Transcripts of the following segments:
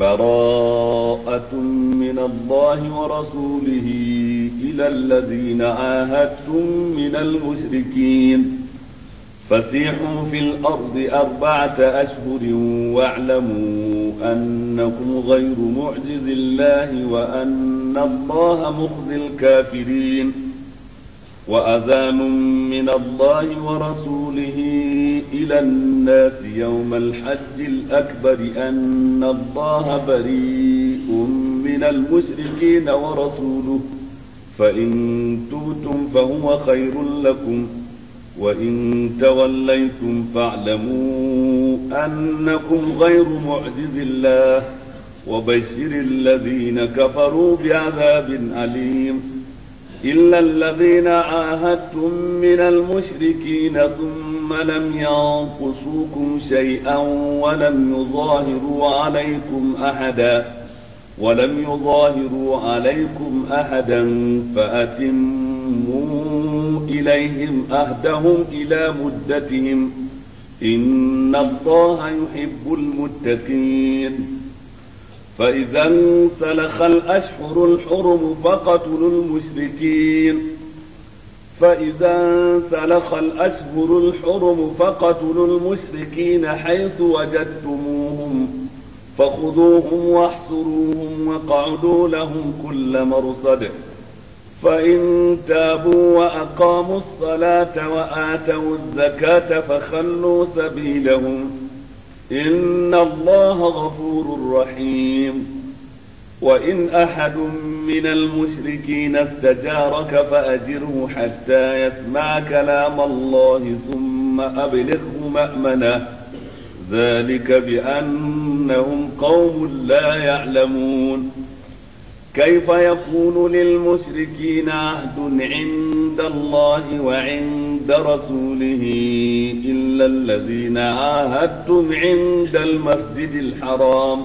براءة من الله ورسوله إلى الذين عاهدتم من المشركين فسيحوا في الأرض أربعة أشهر واعلموا أنكم غير معجز الله وأن الله مخزي الكافرين وأذان من الله ورسوله إلى الناس يوم الحج الأكبر أن الله بريء من المشركين ورسوله فإن تبتم فهو خير لكم وإن توليتم فاعلموا أنكم غير معجز الله وبشر الذين كفروا بعذاب أليم إلا الذين عاهدتم من المشركين ثم ثم لم ينقصوكم شيئا ولم يظاهروا عليكم أحدا ولم يظاهروا عليكم أحدا فأتموا إليهم أهدهم إلى مدتهم إن الله يحب المتقين فإذا انسلخ الأشهر الحرم فقتلوا المشركين فإذا انسلخ الأشهر الحرم فقتلوا المشركين حيث وجدتموهم فخذوهم واحصروهم وقعدوا لهم كل مرصد فإن تابوا وأقاموا الصلاة وآتوا الزكاة فخلوا سبيلهم إن الله غفور رحيم وإن أحد من المشركين استجارك فأجره حتى يسمع كلام الله ثم أبلغه مأمنه ذلك بأنهم قوم لا يعلمون كيف يكون للمشركين عهد عند الله وعند رسوله إلا الذين عاهدتم عند المسجد الحرام ۖ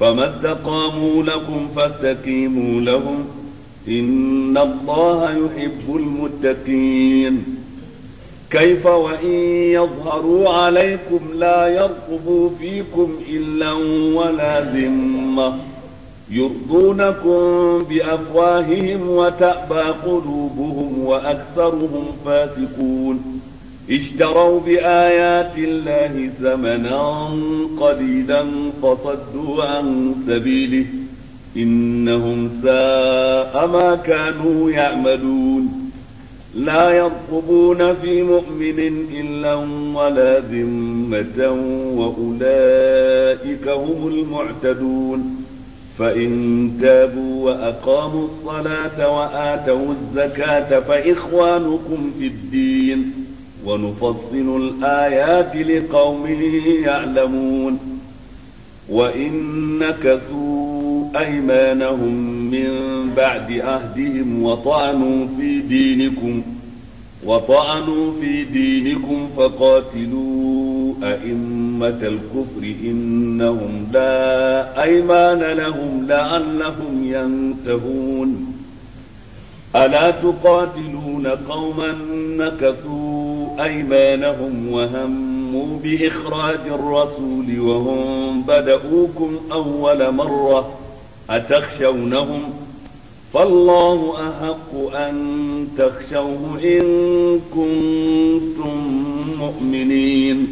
فما استقاموا لكم فاستقيموا لهم إن الله يحب المتقين كيف وإن يظهروا عليكم لا يرقبوا فيكم إلا ولا ذمة يرضونكم بأفواههم وتأبى قلوبهم وأكثرهم فاسقون اشتروا بآيات الله ثمنا قليلا فصدوا عن سبيله إنهم ساء ما كانوا يعملون لا يرقبون في مؤمن إلا ولا ذمة وأولئك هم المعتدون فإن تابوا وأقاموا الصلاة وآتوا الزكاة فإخوانكم في الدين ونفصل الآيات لقوم يعلمون وإن نكثوا أيمانهم من بعد عهدهم وطعنوا في دينكم وطعنوا في دينكم فقاتلوا أئمة الكفر إنهم لا أيمان لهم لعلهم ينتهون ألا تقاتلون قوما نكثوا أيمانهم وهموا بإخراج الرسول وهم بدؤوكم أول مرة أتخشونهم فالله أحق أن تخشوه إن كنتم مؤمنين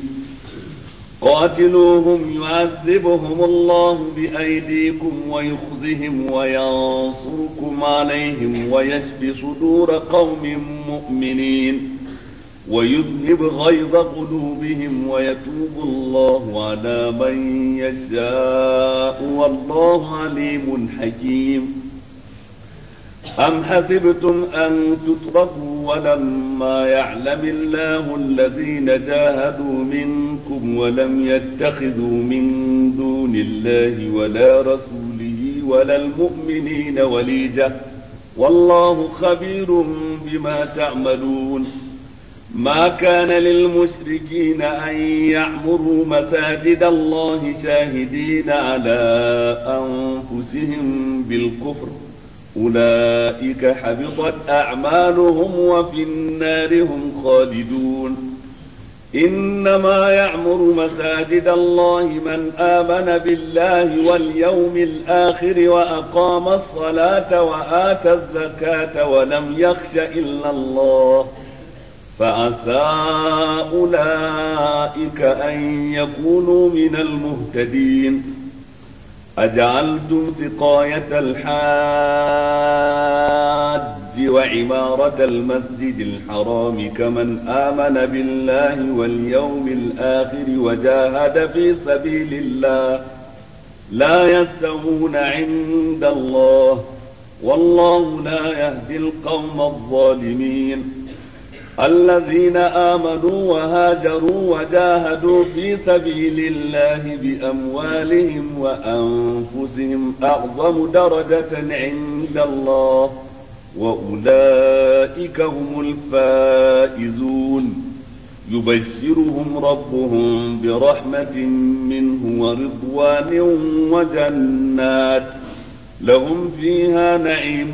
قاتلوهم يعذبهم الله بأيديكم ويخزهم وينصركم عليهم ويشفي صدور قوم مؤمنين ويذهب غيظ قلوبهم ويتوب الله على من يشاء والله عليم حكيم أم حسبتم أن تتركوا ولما يعلم الله الذين جاهدوا منكم ولم يتخذوا من دون الله ولا رسوله ولا المؤمنين وليجة والله خبير بما تعملون ما كان للمشركين أن يعمروا مساجد الله شاهدين على أنفسهم بالكفر أولئك حبطت أعمالهم وفي النار هم خالدون إنما يعمر مساجد الله من آمن بالله واليوم الآخر وأقام الصلاة وآتى الزكاة ولم يخش إلا الله ۖ فعسى أولئك أن يكونوا من المهتدين أجعلتم سقاية الحاج وعمارة المسجد الحرام كمن آمن بالله واليوم الآخر وجاهد في سبيل الله لا يستوون عند الله والله لا يهدي القوم الظالمين الذين آمنوا وهاجروا وجاهدوا في سبيل الله بأموالهم وأنفسهم أعظم درجة عند الله وأولئك هم الفائزون يبشرهم ربهم برحمة منه ورضوان وجنات لهم فيها نعيم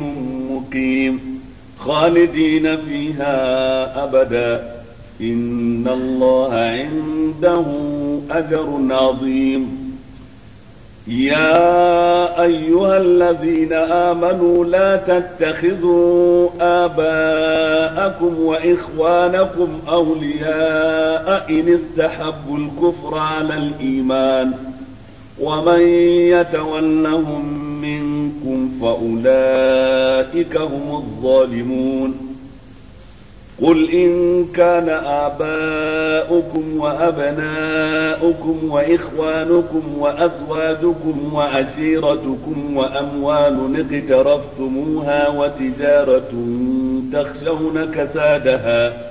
مقيم خالدين فيها أبدا إن الله عنده أجر عظيم يا أيها الذين آمنوا لا تتخذوا آباءكم وإخوانكم أولياء إن استحبوا الكفر على الإيمان ومن يتولهم من منكم فأولئك هم الظالمون قل إن كان آباؤكم وأبناؤكم وإخوانكم وأزواجكم وعشيرتكم وأموال اقترفتموها وتجارة تخشون كسادها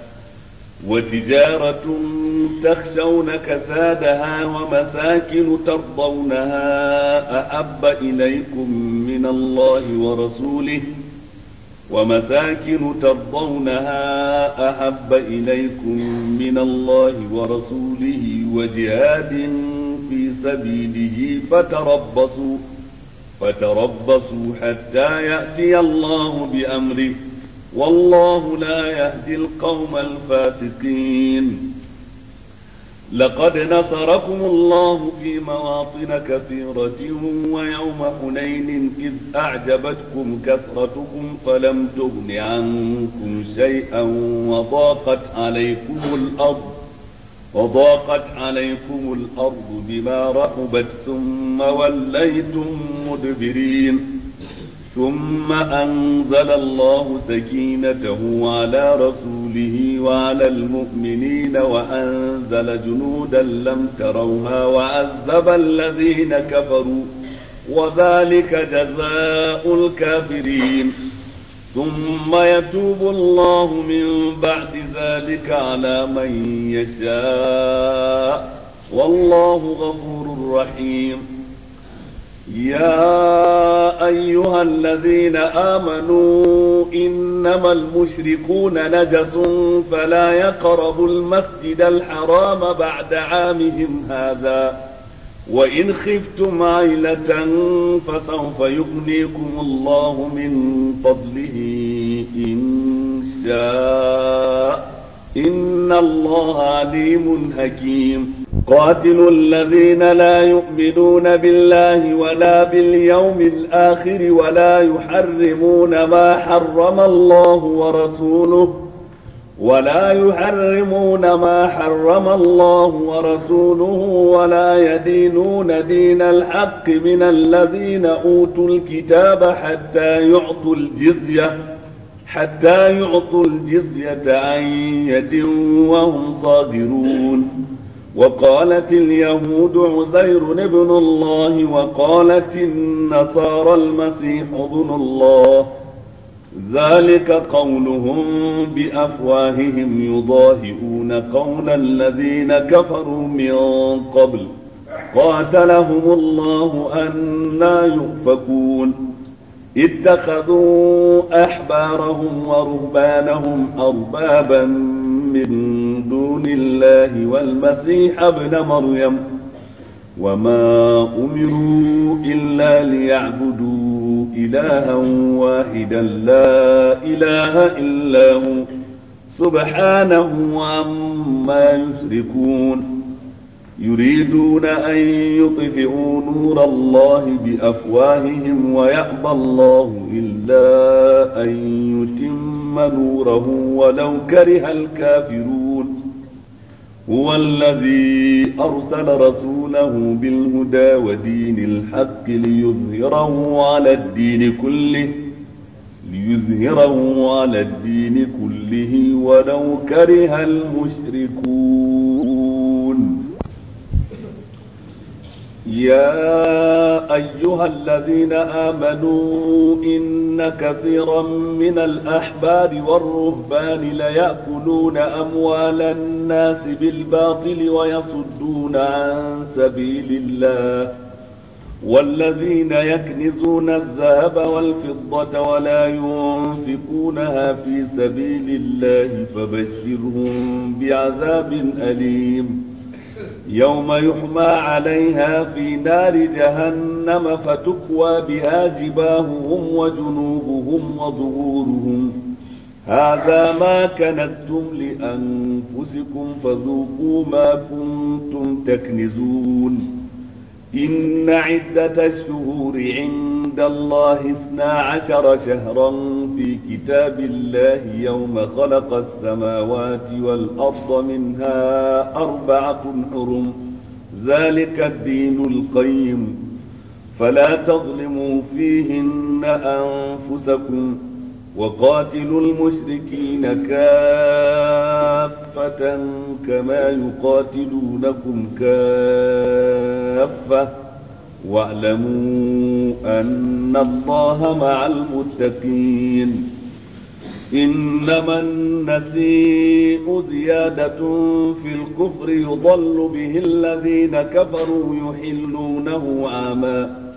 وتجارة تخشون كسادها ومساكن ترضونها أحب إليكم من الله ورسوله ومساكن ترضونها أحب إليكم من الله ورسوله وجهاد في سبيله فتربصوا فتربصوا حتى يأتي الله بأمره والله لا يهدي القوم الفاسقين لقد نصركم الله في مواطن كثيرة ويوم حنين إذ أعجبتكم كثرتكم فلم تغن عنكم شيئا وضاقت عليكم الأرض وضاقت عليكم الأرض بما رحبت ثم وليتم مدبرين ثم أنزل الله سكينته على رسوله وعلى المؤمنين وأنزل جنودا لم تروها وعذب الذين كفروا وذلك جزاء الكافرين ثم يتوب الله من بعد ذلك على من يشاء والله غفور رحيم يا أيها الذين آمنوا إنما المشركون نجس فلا يقربوا المسجد الحرام بعد عامهم هذا وإن خفتم عيلة فسوف يغنيكم الله من فضله إن شاء إن الله عليم حكيم قاتلوا الذين لا يؤمنون بالله ولا باليوم الآخر ولا يحرمون ما حرم الله ورسوله ولا يحرمون ما حرم الله ورسوله ولا يدينون دين الحق من الذين أوتوا الكتاب حتى يعطوا الجزية حتى يعطوا الجزية عن يد وهم صاغرون وقالت اليهود عزير ابن الله وقالت النصارى المسيح ابن الله ذلك قولهم بأفواههم يضاهئون قول الذين كفروا من قبل قاتلهم الله أنا يؤفكون اتخذوا أحبارهم ورهبانهم أربابا من دون الله والمسيح ابن مريم وما أمروا إلا ليعبدوا إلها واحدا لا إله إلا هو سبحانه عما يشركون يريدون أن يطفئوا نور الله بأفواههم ويأبى الله إلا أن يتم ثم نوره ولو كره الكافرون هو الذي أرسل رسوله بالهدى ودين الحق ليظهره على الدين كله ليظهره على الدين كله ولو كره المشركون يا أيها الذين آمنوا إن كثيرا من الأحبار والرهبان ليأكلون أموال الناس بالباطل ويصدون عن سبيل الله والذين يكنزون الذهب والفضة ولا ينفقونها في سبيل الله فبشرهم بعذاب أليم يوم يحمى عليها في نار جهنم فتكوى بها جباههم وجنوبهم وظهورهم هذا ما كنتم لأنفسكم فذوقوا ما كنتم تكنزون إن عدة الشهور عند الله اثنا عشر شهرا في كتاب الله يوم خلق السماوات والأرض منها أربعة حرم ذلك الدين القيم فلا تظلموا فيهن أنفسكم وقاتلوا المشركين كافة كما يقاتلونكم كافة واعلموا أن الله مع المتقين إنما النسيء زيادة في الكفر يضل به الذين كفروا يحلونه عاماً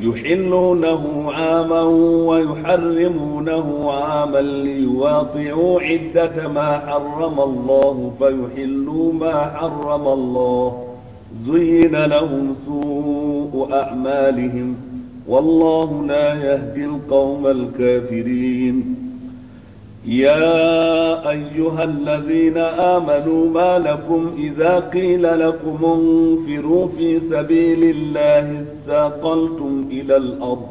يحلونه عاما ويحرمونه عاما ليواطعوا عدة ما حرم الله فيحلوا ما حرم الله زين لهم سوء أعمالهم والله لا يهدي القوم الكافرين يا أيها الذين آمنوا ما لكم إذا قيل لكم انفروا في سبيل الله اثاقلتم إلى الأرض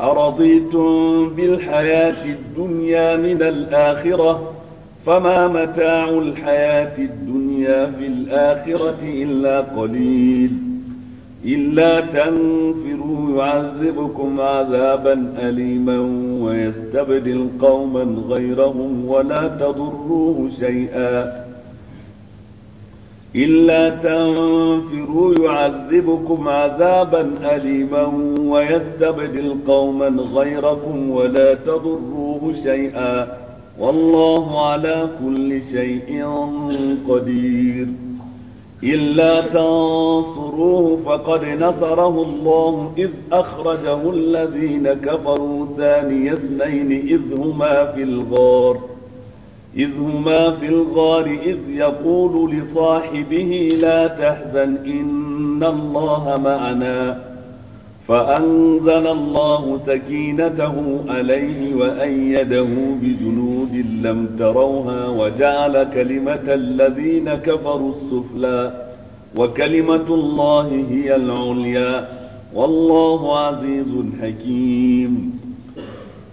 أرضيتم بالحياة الدنيا من الآخرة فما متاع الحياة الدنيا في الآخرة إلا قليل إلا تنفروا يعذبكم عذابا أليما ويستبدل قوما غيرهم ولا تضروه شيئا إلا تنفروا يعذبكم عذابا أليما ويستبدل قوما غيركم ولا تضروه شيئا والله على كل شيء قدير إلا تنصروه فقد نصره الله إذ أخرجه الذين كفروا ثاني اثنين إذ هما في الغار إذ هما في الغار إذ يقول لصاحبه لا تحزن إن الله معنا فأنزل الله سكينته عليه وأيده بجنود لم تروها وجعل كلمة الذين كفروا السفلى وكلمة الله هي العليا والله عزيز حكيم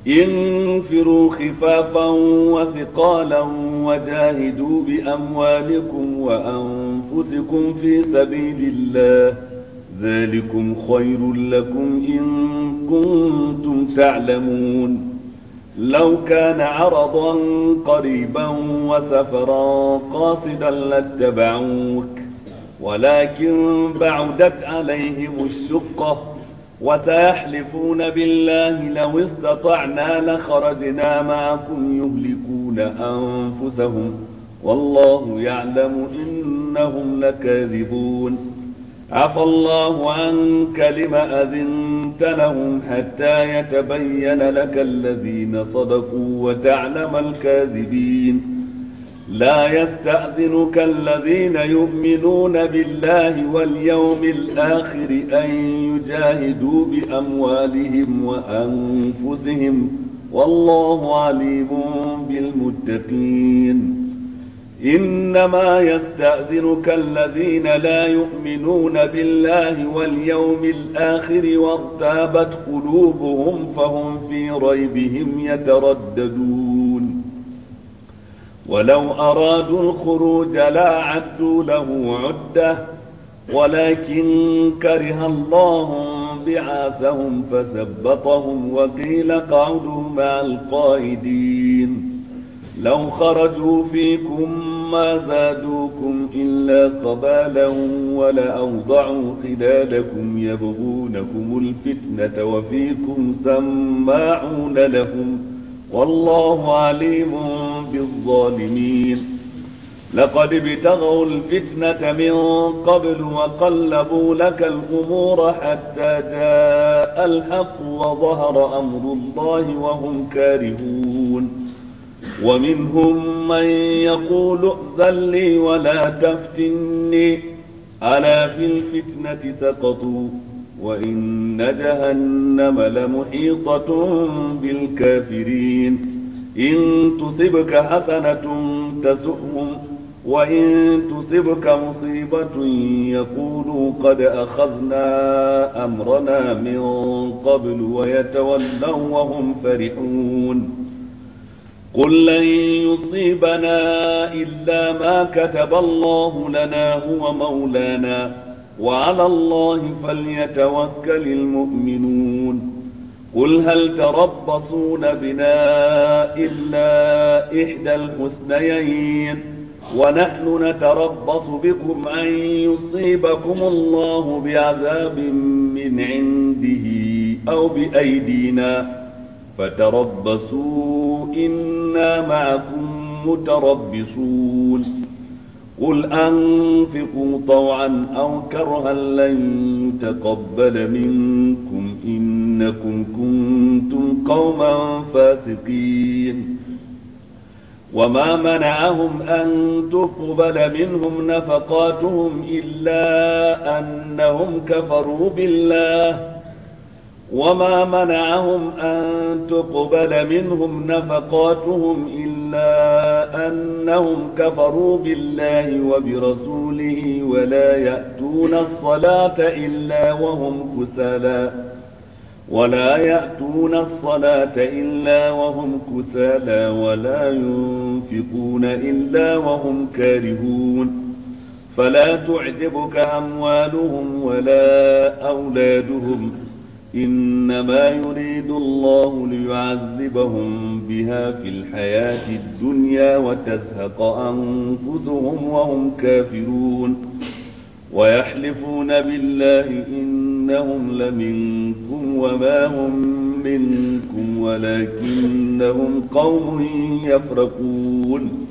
انفروا خفافا وثقالا وجاهدوا بأموالكم وأنفسكم في سبيل الله ذلكم خير لكم إن كنتم تعلمون لو كان عرضا قريبا وسفرا قاصدا لاتبعوك ولكن بعدت عليهم الشقة وسيحلفون بالله لو استطعنا لخرجنا معكم يهلكون أنفسهم والله يعلم إنهم لكاذبون عفى الله عنك لم أذنت لهم حتى يتبين لك الذين صدقوا وتعلم الكاذبين لا يستأذنك الذين يؤمنون بالله واليوم الآخر أن يجاهدوا بأموالهم وأنفسهم والله عليم بالمتقين إنما يستأذنك الذين لا يؤمنون بالله واليوم الآخر وارتابت قلوبهم فهم في ريبهم يترددون ولو أرادوا الخروج لأعدوا له عدة ولكن كره الله بعاثهم فثبطهم وقيل قعدوا مع القائدين لو خرجوا فيكم ما زادوكم إلا قبالا ولأوضعوا خلالكم يبغونكم الفتنة وفيكم سماعون لهم والله عليم بالظالمين لقد ابتغوا الفتنة من قبل وقلبوا لك الأمور حتى جاء الحق وظهر أمر الله وهم كارهون ومنهم من يقول ائذن لي ولا تفتني ألا في الفتنة سقطوا وإن جهنم لمحيطة بالكافرين إن تصبك حسنة تسؤهم وإن تصبك مصيبة يقولوا قد أخذنا أمرنا من قبل ويتولوا وهم فرحون قل لن يصيبنا إلا ما كتب الله لنا هو مولانا وعلى الله فليتوكل المؤمنون قل هل تربصون بنا إلا إحدى الحسنيين ونحن نتربص بكم أن يصيبكم الله بعذاب من عنده أو بأيدينا فتربصوا إنا معكم متربصون قل أنفقوا طوعا أو كرها لن يتقبل منكم إنكم كنتم قوما فاسقين وما منعهم أن تقبل منهم نفقاتهم إلا أنهم كفروا بالله وما منعهم أن تقبل منهم نفقاتهم إلا أنهم كفروا بالله وبرسوله ولا يأتون الصلاة إلا وهم كسالى ولا يأتون الصلاة إلا وهم كسالى ولا ينفقون إلا وهم كارهون فلا تعجبك أموالهم ولا أولادهم إنما يريد الله ليعذبهم بها في الحياة الدنيا وتزهق أنفسهم وهم كافرون ويحلفون بالله إنهم لمنكم وما هم منكم ولكنهم قوم يفرقون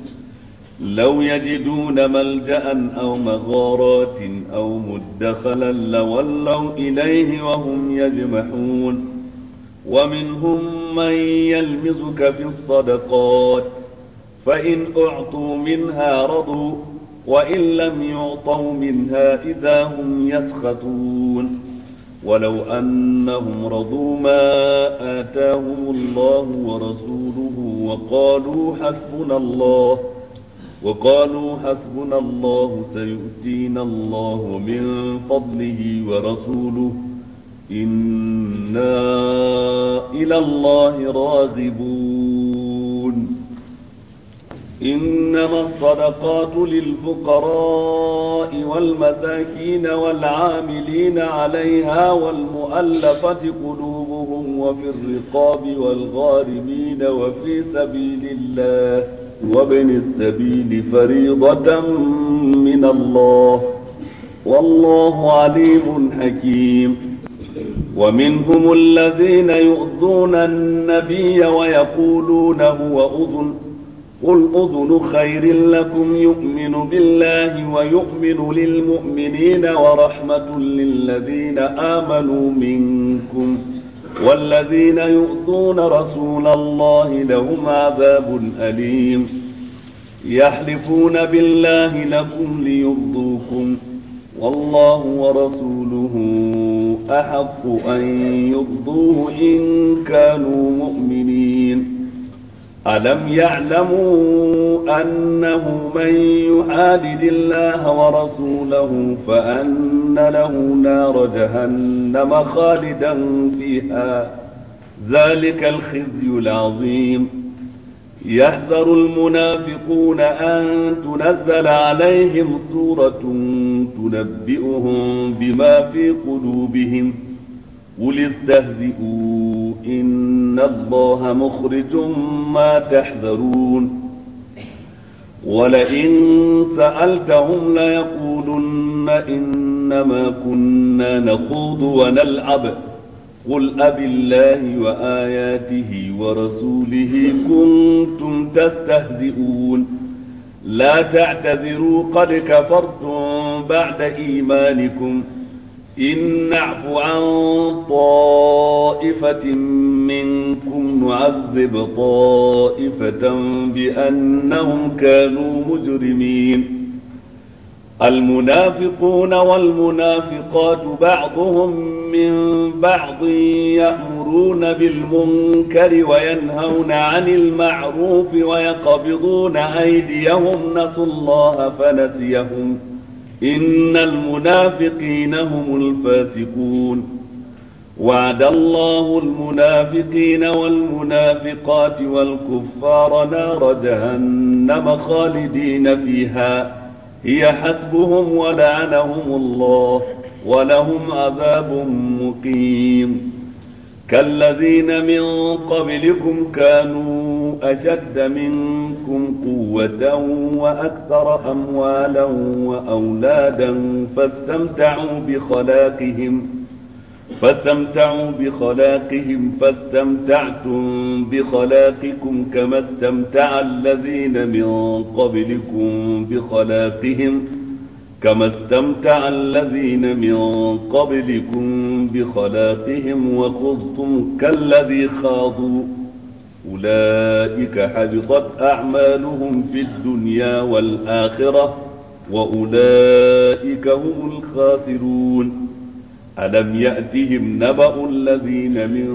لو يجدون ملجأ أو مغارات أو مدخلا لولوا إليه وهم يجمحون ومنهم من يلمزك في الصدقات فإن أعطوا منها رضوا وإن لم يعطوا منها إذا هم يسخطون ولو أنهم رضوا ما آتاهم الله ورسوله وقالوا حسبنا الله ۖ وقالوا حسبنا الله سيؤتينا الله من فضله ورسوله إنا إلى الله راغبون إنما الصدقات للفقراء والمساكين والعاملين عليها والمؤلفة قلوبهم وفي الرقاب والغارمين وفي سبيل الله وابن السبيل فريضة من الله والله عليم حكيم ومنهم الذين يؤذون النبي ويقولون هو أذن قل أذن خير لكم يؤمن بالله ويؤمن للمؤمنين ورحمة للذين آمنوا منكم ۖ والذين يؤذون رسول الله لهم عذاب أليم يحلفون بالله لكم ليرضوكم والله ورسوله أحق أن يرضوه إن كانوا مؤمنين ألم يعلموا أنه من يحادد الله ورسوله فأن له نار جهنم خالدا فيها ذلك الخزي العظيم يحذر المنافقون أن تنزل عليهم سورة تنبئهم بما في قلوبهم ۖ قل استهزئوا إن الله مخرج ما تحذرون ولئن سألتهم ليقولن إنما كنا نخوض ونلعب قل أب الله وآياته ورسوله كنتم تستهزئون لا تعتذروا قد كفرتم بعد إيمانكم ۖ إن نعف عن طائفة منكم نعذب طائفة بأنهم كانوا مجرمين المنافقون والمنافقات بعضهم من بعض يأمرون بالمنكر وينهون عن المعروف ويقبضون أيديهم نسوا الله فنسيهم ۖ إن المنافقين هم الفاسقون وعد الله المنافقين والمنافقات والكفار نار جهنم خالدين فيها هي حسبهم ولعنهم الله ولهم عذاب مقيم كالذين من قبلكم كانوا أشد منكم قوة وأكثر أموالا وأولادا فاستمتعوا بخلاقهم فاستمتعوا بخلاقهم فاستمتعتم بخلاقكم كما استمتع الذين من قبلكم بخلاقهم ۖ كما استمتع الذين من قبلكم بخلاقهم وخذتم كالذي خاضوا أولئك حبطت أعمالهم في الدنيا والآخرة وأولئك هم الخاسرون ألم يأتهم نبأ الذين من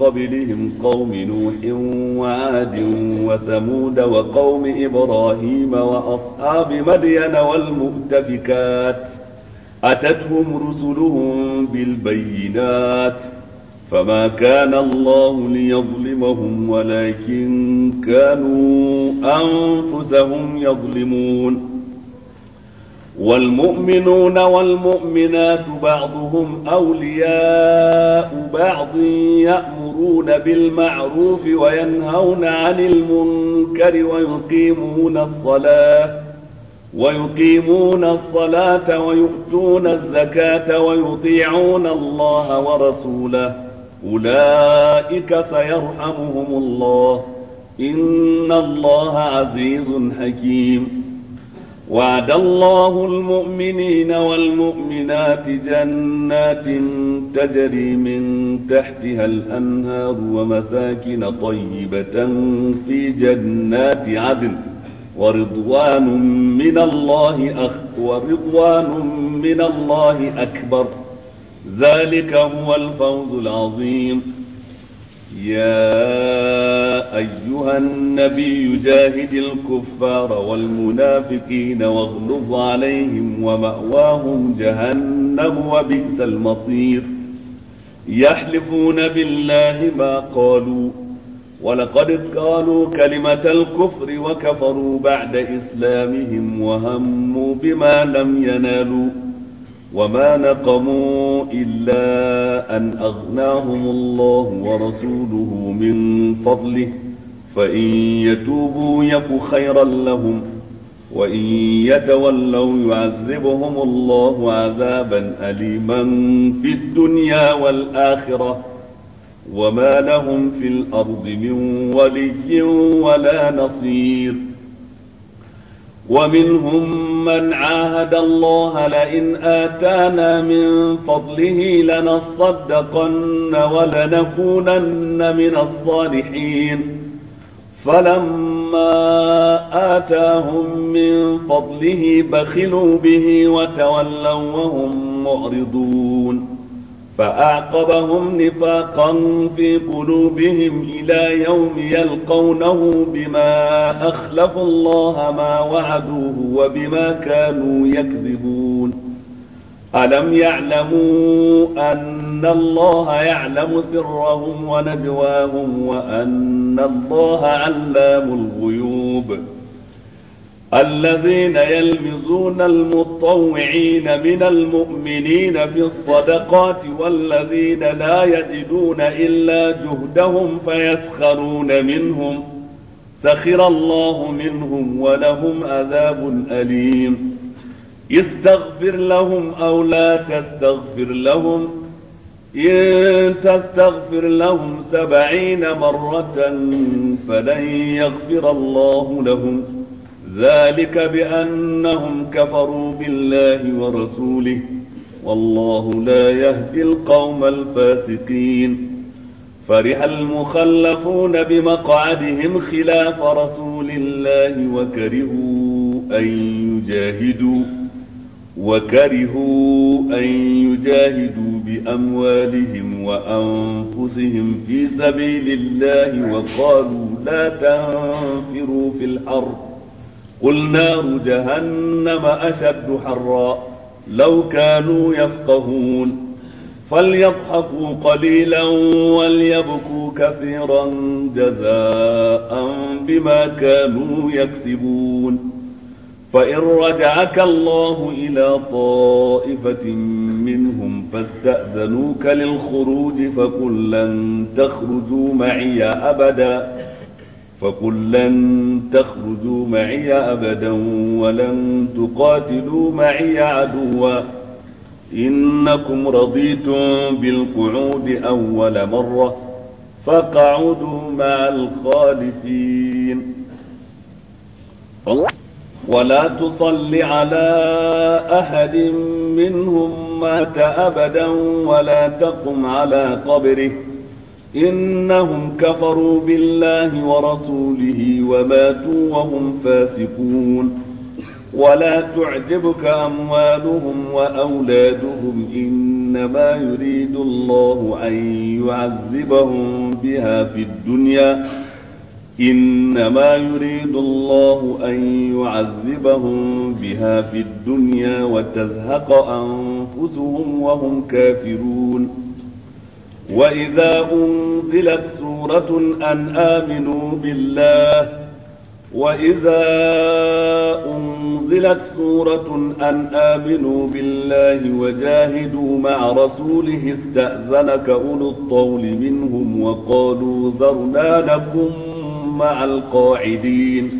قبلهم قوم نوح وعاد وثمود وقوم إبراهيم وأصحاب مدين والمؤتفكات أتتهم رسلهم بالبينات فما كان الله ليظلمهم ولكن كانوا أنفسهم يظلمون والمؤمنون والمؤمنات بعضهم أولياء بعض يأمرون بالمعروف وينهون عن المنكر ويقيمون الصلاة ويقيمون الصلاة ويؤتون الزكاة ويطيعون الله ورسوله أولئك سيرحمهم الله إن الله عزيز حكيم وعد الله المؤمنين والمؤمنات جنات تجري من تحتها الأنهار ومساكن طيبة في جنات عدن ورضوان من الله أخ ورضوان من الله أكبر ذلك هو الفوز العظيم يا أيها النبي جاهد الكفار والمنافقين واغلظ عليهم ومأواهم جهنم وبئس المصير يحلفون بالله ما قالوا ولقد قالوا كلمة الكفر وكفروا بعد إسلامهم وهموا بما لم ينالوا وما نقموا إلا أن أغناهم الله ورسوله من فضله فإن يتوبوا يك خيرا لهم وإن يتولوا يعذبهم الله عذابا أليما في الدنيا والآخرة وما لهم في الأرض من ولي ولا نصير ومنهم من عاهد الله لئن آتانا من فضله لنصدقن ولنكونن من الصالحين فلما آتاهم من فضله بخلوا به وتولوا وهم معرضون فأعقبهم نفاقا في قلوبهم إلى يوم يلقونه بما أخلفوا الله ما وعدوه وبما كانوا يكذبون ألم يعلموا أن الله يعلم سرهم ونجواهم وأن الله علام الغيوب ۖ الذين يلمزون المطوعين من المؤمنين في الصدقات والذين لا يجدون إلا جهدهم فيسخرون منهم سخر الله منهم ولهم عذاب أليم استغفر لهم أو لا تستغفر لهم إن تستغفر لهم سبعين مرة فلن يغفر الله لهم ۖ ذلك بأنهم كفروا بالله ورسوله والله لا يهدي القوم الفاسقين فرح المخلفون بمقعدهم خلاف رسول الله وكرهوا أن يجاهدوا وكرهوا أن يجاهدوا بأموالهم وأنفسهم في سبيل الله وقالوا لا تنفروا في الأرض قل نار جهنم أشد حرا لو كانوا يفقهون فليضحكوا قليلا وليبكوا كثيرا جزاء بما كانوا يكسبون فإن رجعك الله إلى طائفة منهم فاستأذنوك للخروج فقل لن تخرجوا معي أبداً فقل لن تخرجوا معي أبدا ولن تقاتلوا معي عدوا إنكم رضيتم بالقعود أول مرة فقعدوا مع الخالفين ولا تصل على أحد منهم مات أبدا ولا تقم على قبره إنهم كفروا بالله ورسوله وماتوا وهم فاسقون ولا تعجبك أموالهم وأولادهم إنما يريد الله أن يعذبهم بها في الدنيا إنما يريد الله أن يعذبهم بها في الدنيا وتزهق أنفسهم وهم كافرون وإذا أنزلت سورة أن آمنوا بالله وإذا أنزلت سورة أن آمنوا بالله وجاهدوا مع رسوله استأذنك أولو الطول منهم وقالوا ذرنا لكم مع القاعدين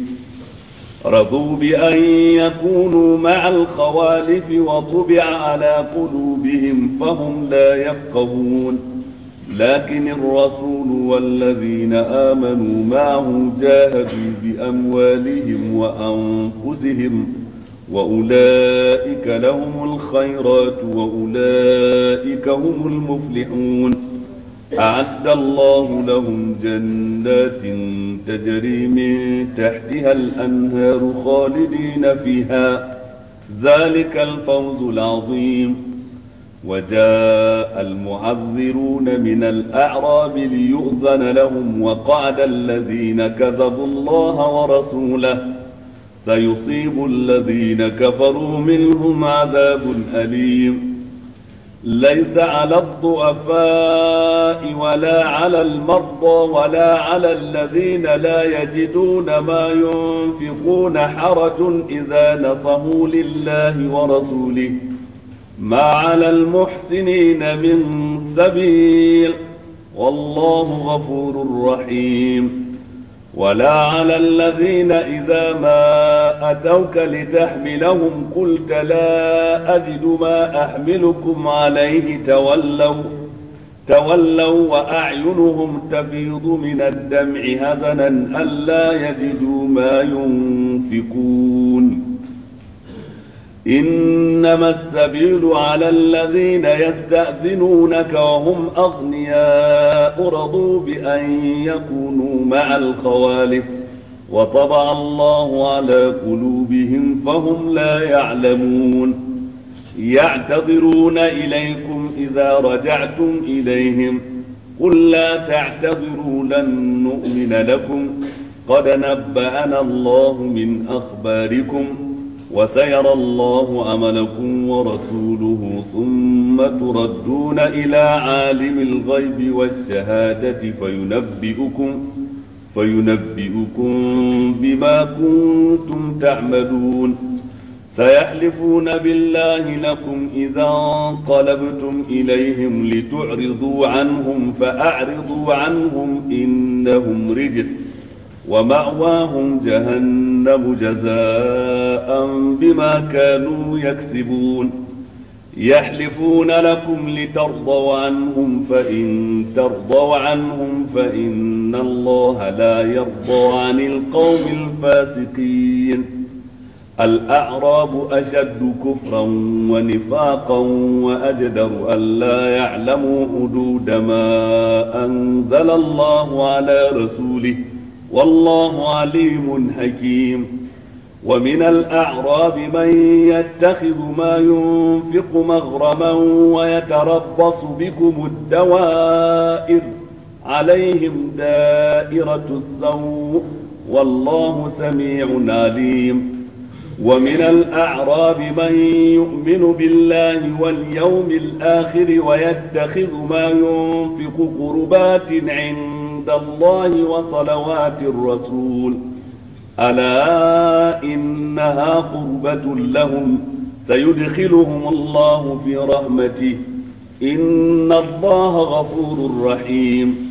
رضوا بأن يكونوا مع الخوالف وطبع على قلوبهم فهم لا يفقهون لكن الرسول والذين آمنوا معه جاهدوا بأموالهم وأنفسهم وأولئك لهم الخيرات وأولئك هم المفلحون أعد الله لهم جنات تجري من تحتها الأنهار خالدين فيها ذلك الفوز العظيم وجاء المعذرون من الأعراب ليؤذن لهم وقعد الذين كذبوا الله ورسوله سيصيب الذين كفروا منهم عذاب أليم ليس على الضعفاء ولا على المرضى ولا على الذين لا يجدون ما ينفقون حرج إذا نصحوا لله ورسوله ما على المحسنين من سبيل والله غفور رحيم ولا على الذين إذا ما أتوك لتحملهم قلت لا أجد ما أحملكم عليه تولوا تولوا وأعينهم تفيض من الدمع هذنا ألا يجدوا ما ينفقون إنما السبيل على الذين يستأذنونك وهم أغنياء رضوا بأن يكونوا مع الخوالف وطبع الله على قلوبهم فهم لا يعلمون يعتذرون إليكم إذا رجعتم إليهم قل لا تعتذروا لن نؤمن لكم قد نبأنا الله من أخباركم وسيرى الله عملكم ورسوله ثم تردون إلى عالم الغيب والشهادة فينبئكم فينبئكم بما كنتم تعملون سيحلفون بالله لكم إذا انقلبتم إليهم لتعرضوا عنهم فأعرضوا عنهم إنهم رجس ومأواهم جهنم جزاء بما كانوا يكسبون يحلفون لكم لترضوا عنهم فإن ترضوا عنهم فإن الله لا يرضى عن القوم الفاسقين الأعراب أشد كفرا ونفاقا وأجدر ألا يعلموا حدود ما أنزل الله على رسوله ۖ والله عليم حكيم ومن الأعراب من يتخذ ما ينفق مغرما ويتربص بكم الدوائر عليهم دائرة السوء والله سميع عليم ومن الأعراب من يؤمن بالله واليوم الآخر ويتخذ ما ينفق قربات عند عند الله وصلوات الرسول ألا إنها قربة لهم سيدخلهم الله في رحمته إن الله غفور رحيم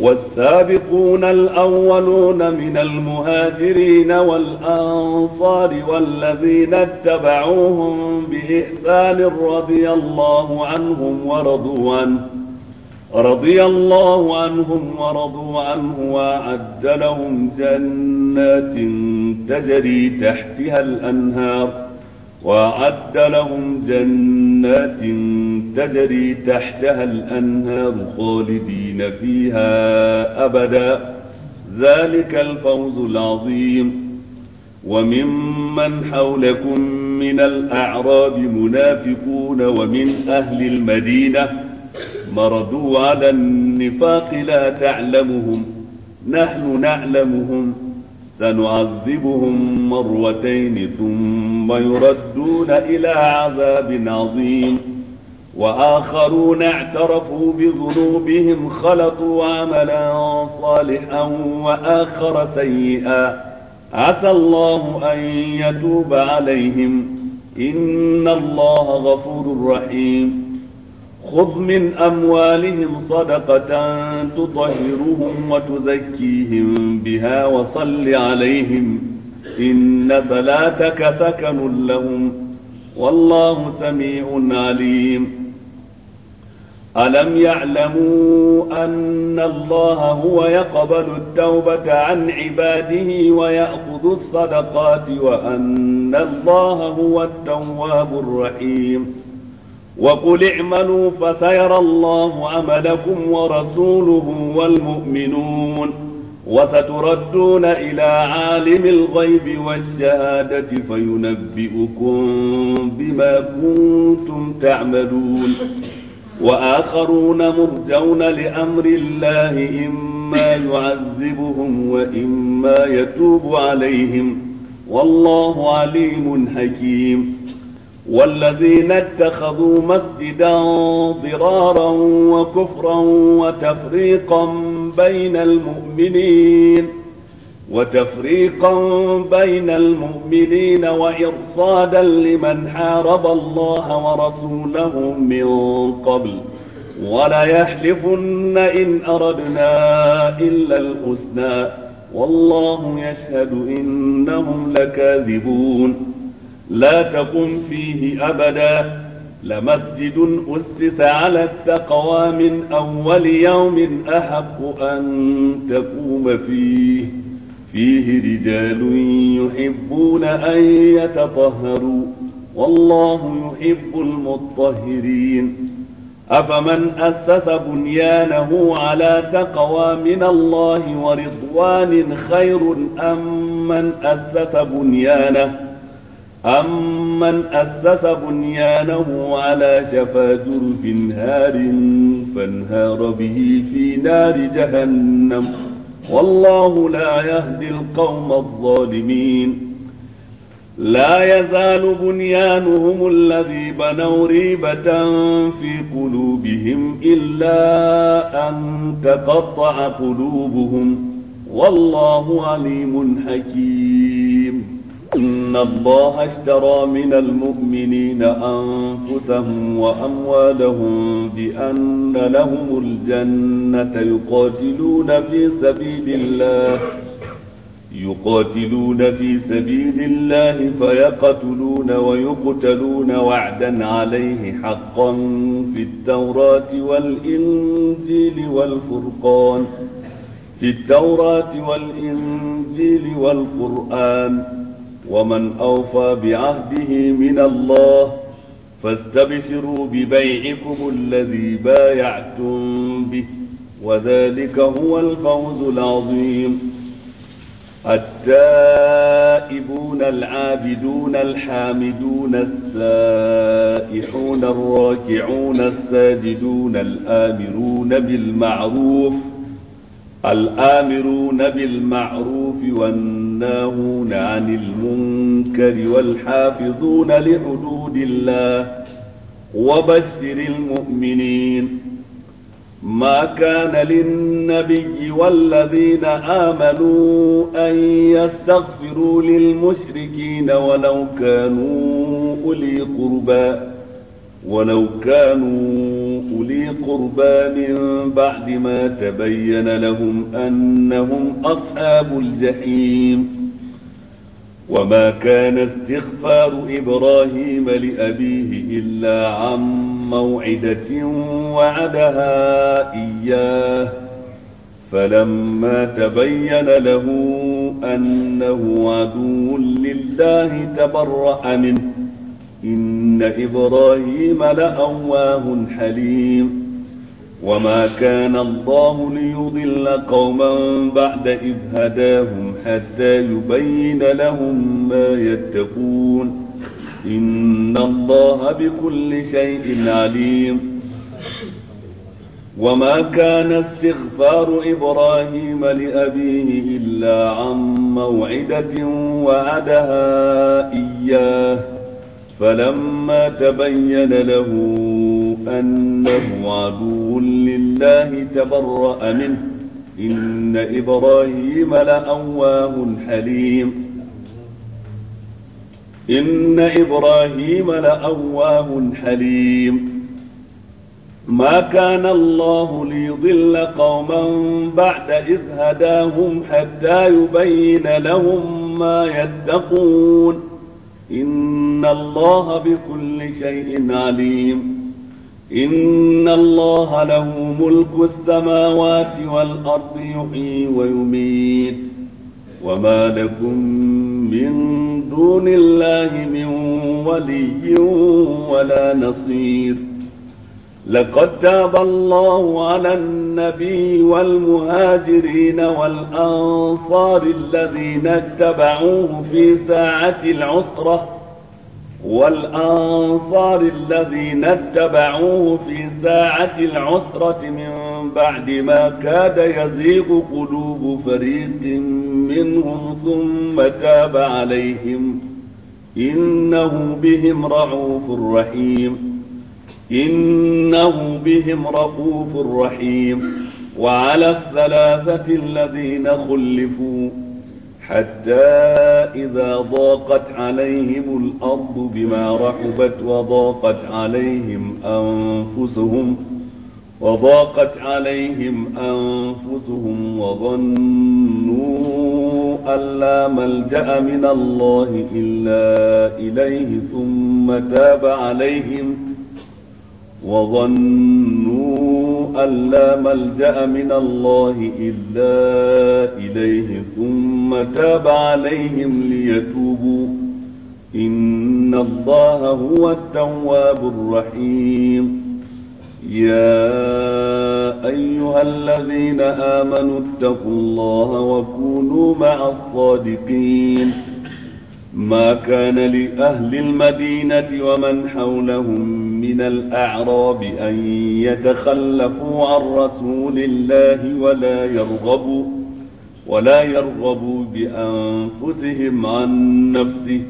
والسابقون الأولون من المهاجرين والأنصار والذين اتبعوهم بإحسان رضي الله عنهم ورضوا عنه رضي الله عنهم ورضوا عنه وأعد لهم جنات تجري تحتها الأنهار وأعد لهم جنات تجري تحتها الأنهار خالدين فيها أبدا ذلك الفوز العظيم وممن حولكم من الأعراب منافقون ومن أهل المدينة مرضوا على النفاق لا تعلمهم نحن نعلمهم سنعذبهم مرتين ثم يردون إلى عذاب عظيم وآخرون اعترفوا بذنوبهم خلطوا عملا صالحا وآخر سيئا عسى الله أن يتوب عليهم إن الله غفور رحيم خذ من أموالهم صدقة تطهرهم وتزكيهم بها وصل عليهم إن صلاتك سكن لهم والله سميع عليم ألم يعلموا أن الله هو يقبل التوبة عن عباده ويأخذ الصدقات وأن الله هو التواب الرحيم وقل اعملوا فسيرى الله عملكم ورسوله والمؤمنون وستردون إلى عالم الغيب والشهادة فينبئكم بما كنتم تعملون وآخرون مرجون لأمر الله إما يعذبهم وإما يتوب عليهم والله عليم حكيم والذين اتخذوا مسجدا ضرارا وكفرا وتفريقا بين المؤمنين وتفريقا بين المؤمنين وإرصادا لمن حارب الله ورسوله من قبل وليحلفن إن أردنا إلا الحسنى والله يشهد إنهم لكاذبون لا تقم فيه أبدا لمسجد أسس على التقوى من أول يوم أحق أن تقوم فيه فيه رجال يحبون أن يتطهروا والله يحب المطهرين أفمن أسس بنيانه على تقوى من الله ورضوان خير أم من أسس بنيانه أمن أسس بنيانه على شفا جرف هار فانهار به في نار جهنم والله لا يهدي القوم الظالمين لا يزال بنيانهم الذي بنوا ريبة في قلوبهم إلا أن تقطع قلوبهم والله عليم حكيم إن الله اشترى من المؤمنين أنفسهم وأموالهم بأن لهم الجنة يقاتلون في سبيل الله يقاتلون في سبيل الله فيقتلون ويقتلون وعدا عليه حقا في التوراة والإنجيل والفرقان في التوراة والإنجيل والقرآن ومن أوفى بعهده من الله فاستبشروا ببيعكم الذي بايعتم به وذلك هو الفوز العظيم التائبون العابدون الحامدون السائحون الراكعون الساجدون الآمرون بالمعروف الآمرون بالمعروف والنصر والناهون عن المنكر والحافظون لحدود الله وبشر المؤمنين ما كان للنبي والذين آمنوا أن يستغفروا للمشركين ولو كانوا أولي قربى ولو كانوا أولي قربى من بعد ما تبين لهم أنهم أصحاب الجحيم وما كان استغفار إبراهيم لأبيه إلا عن موعدة وعدها إياه فلما تبين له أنه عدو لله تبرأ منه إن إبراهيم لأواه حليم وما كان الله ليضل قوما بعد إذ هداهم حتى يبين لهم ما يتقون إن الله بكل شيء عليم وما كان استغفار إبراهيم لأبيه إلا عن موعدة وعدها إياه فلما تبين له أنه عدو لله تبرأ منه إن إبراهيم لأواه حليم إن إبراهيم لأواه حليم ما كان الله ليضل قوما بعد إذ هداهم حتى يبين لهم ما يتقون إن الله بكل شيء عليم إن الله له ملك السماوات والأرض يحيي ويميت وما لكم من دون الله من ولي ولا نصير لقد تاب الله على النبي والمهاجرين والأنصار الذين اتبعوه في ساعة العسرة والأنصار الذين اتبعوه في ساعة العسرة من بعد ما كاد يزيغ قلوب فريق منهم ثم تاب عليهم إنه بهم رعوف رحيم إنه بهم رؤوف رحيم وعلى الثلاثة الذين خلفوا حتى إذا ضاقت عليهم الأرض بما رحبت وضاقت عليهم أنفسهم وضاقت عليهم أنفسهم وظنوا أن لا ملجأ من الله إلا إليه ثم تاب عليهم ۖ وظنوا أن لا ملجأ من الله إلا إليه ثم تاب عليهم ليتوبوا إن الله هو التواب الرحيم يا أيها الذين آمنوا اتقوا الله وكونوا مع الصادقين ما كان لأهل المدينة ومن حولهم من الأعراب أن يتخلفوا عن رسول الله ولا يرغبوا ولا يرغبوا بأنفسهم عن نفسه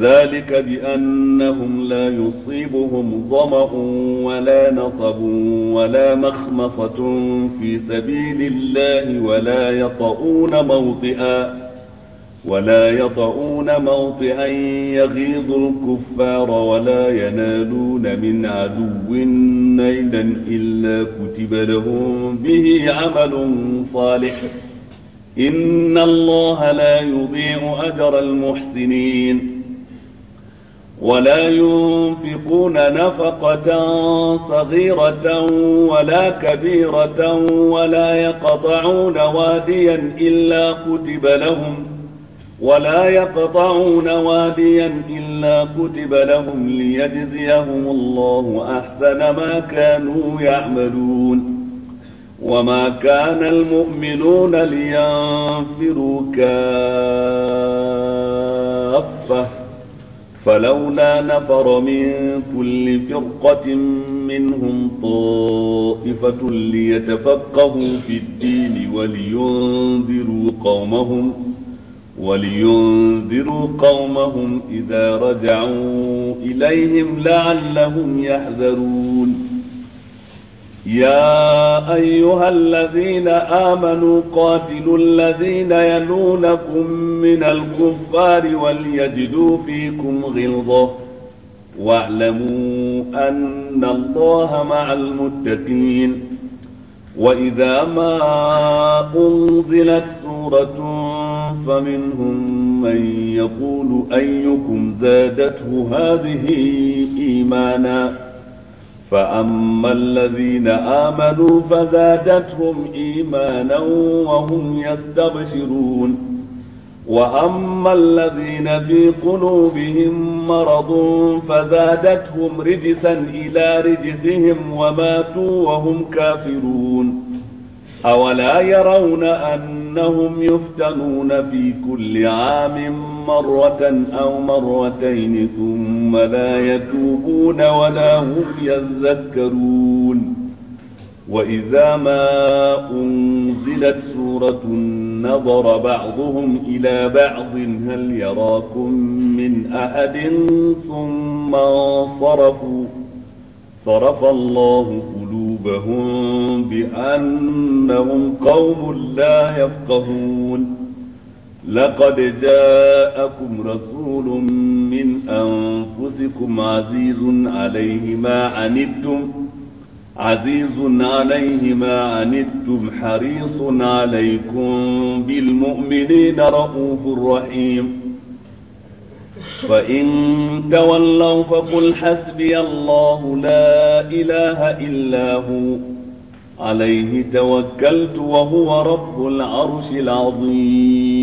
ذلك بأنهم لا يصيبهم ظمأ ولا نصب ولا مخمصة في سبيل الله ولا يطؤون موطئا ولا يطؤون موطئا يغيظ الكفار ولا ينالون من عدو نيلا إلا كتب لهم به عمل صالح إن الله لا يضيع أجر المحسنين ولا ينفقون نفقة صغيرة ولا كبيرة ولا يقطعون واديا إلا كتب لهم ولا يقطعون واديا إلا كتب لهم ليجزيهم الله أحسن ما كانوا يعملون وما كان المؤمنون لينفروا كافة فلولا نفر من كل فرقة منهم طائفة ليتفقهوا في الدين ولينذروا قومهم ۖ ولينذروا قومهم إذا رجعوا إليهم لعلهم يحذرون يا أيها الذين آمنوا قاتلوا الذين يلونكم من الكفار وليجدوا فيكم غلظة واعلموا أن الله مع المتقين وإذا ما أنزلت سورة فمنهم من يقول أيكم زادته هذه إيمانا فأما الذين آمنوا فزادتهم إيمانا وهم يستبشرون وأما الذين في قلوبهم مرض فزادتهم رجسا إلى رجسهم وماتوا وهم كافرون أولا يرون أنهم يفتنون في كل عام مرة أو مرتين ثم لا يتوبون ولا هم يذكرون وإذا ما أنزلت سورة نظر بعضهم إلى بعض هل يراكم من أحد ثم صرفوا صرف الله قلوبهم وهم بأنهم قوم لا يفقهون لقد جاءكم رسول من أنفسكم عزيز عليه ما عنتم عزيز عليه ما عنتم حريص عليكم بالمؤمنين رؤوف رحيم فإن تولوا فقل حسبي الله لا إله إلا هو عليه توكلت وهو رب العرش العظيم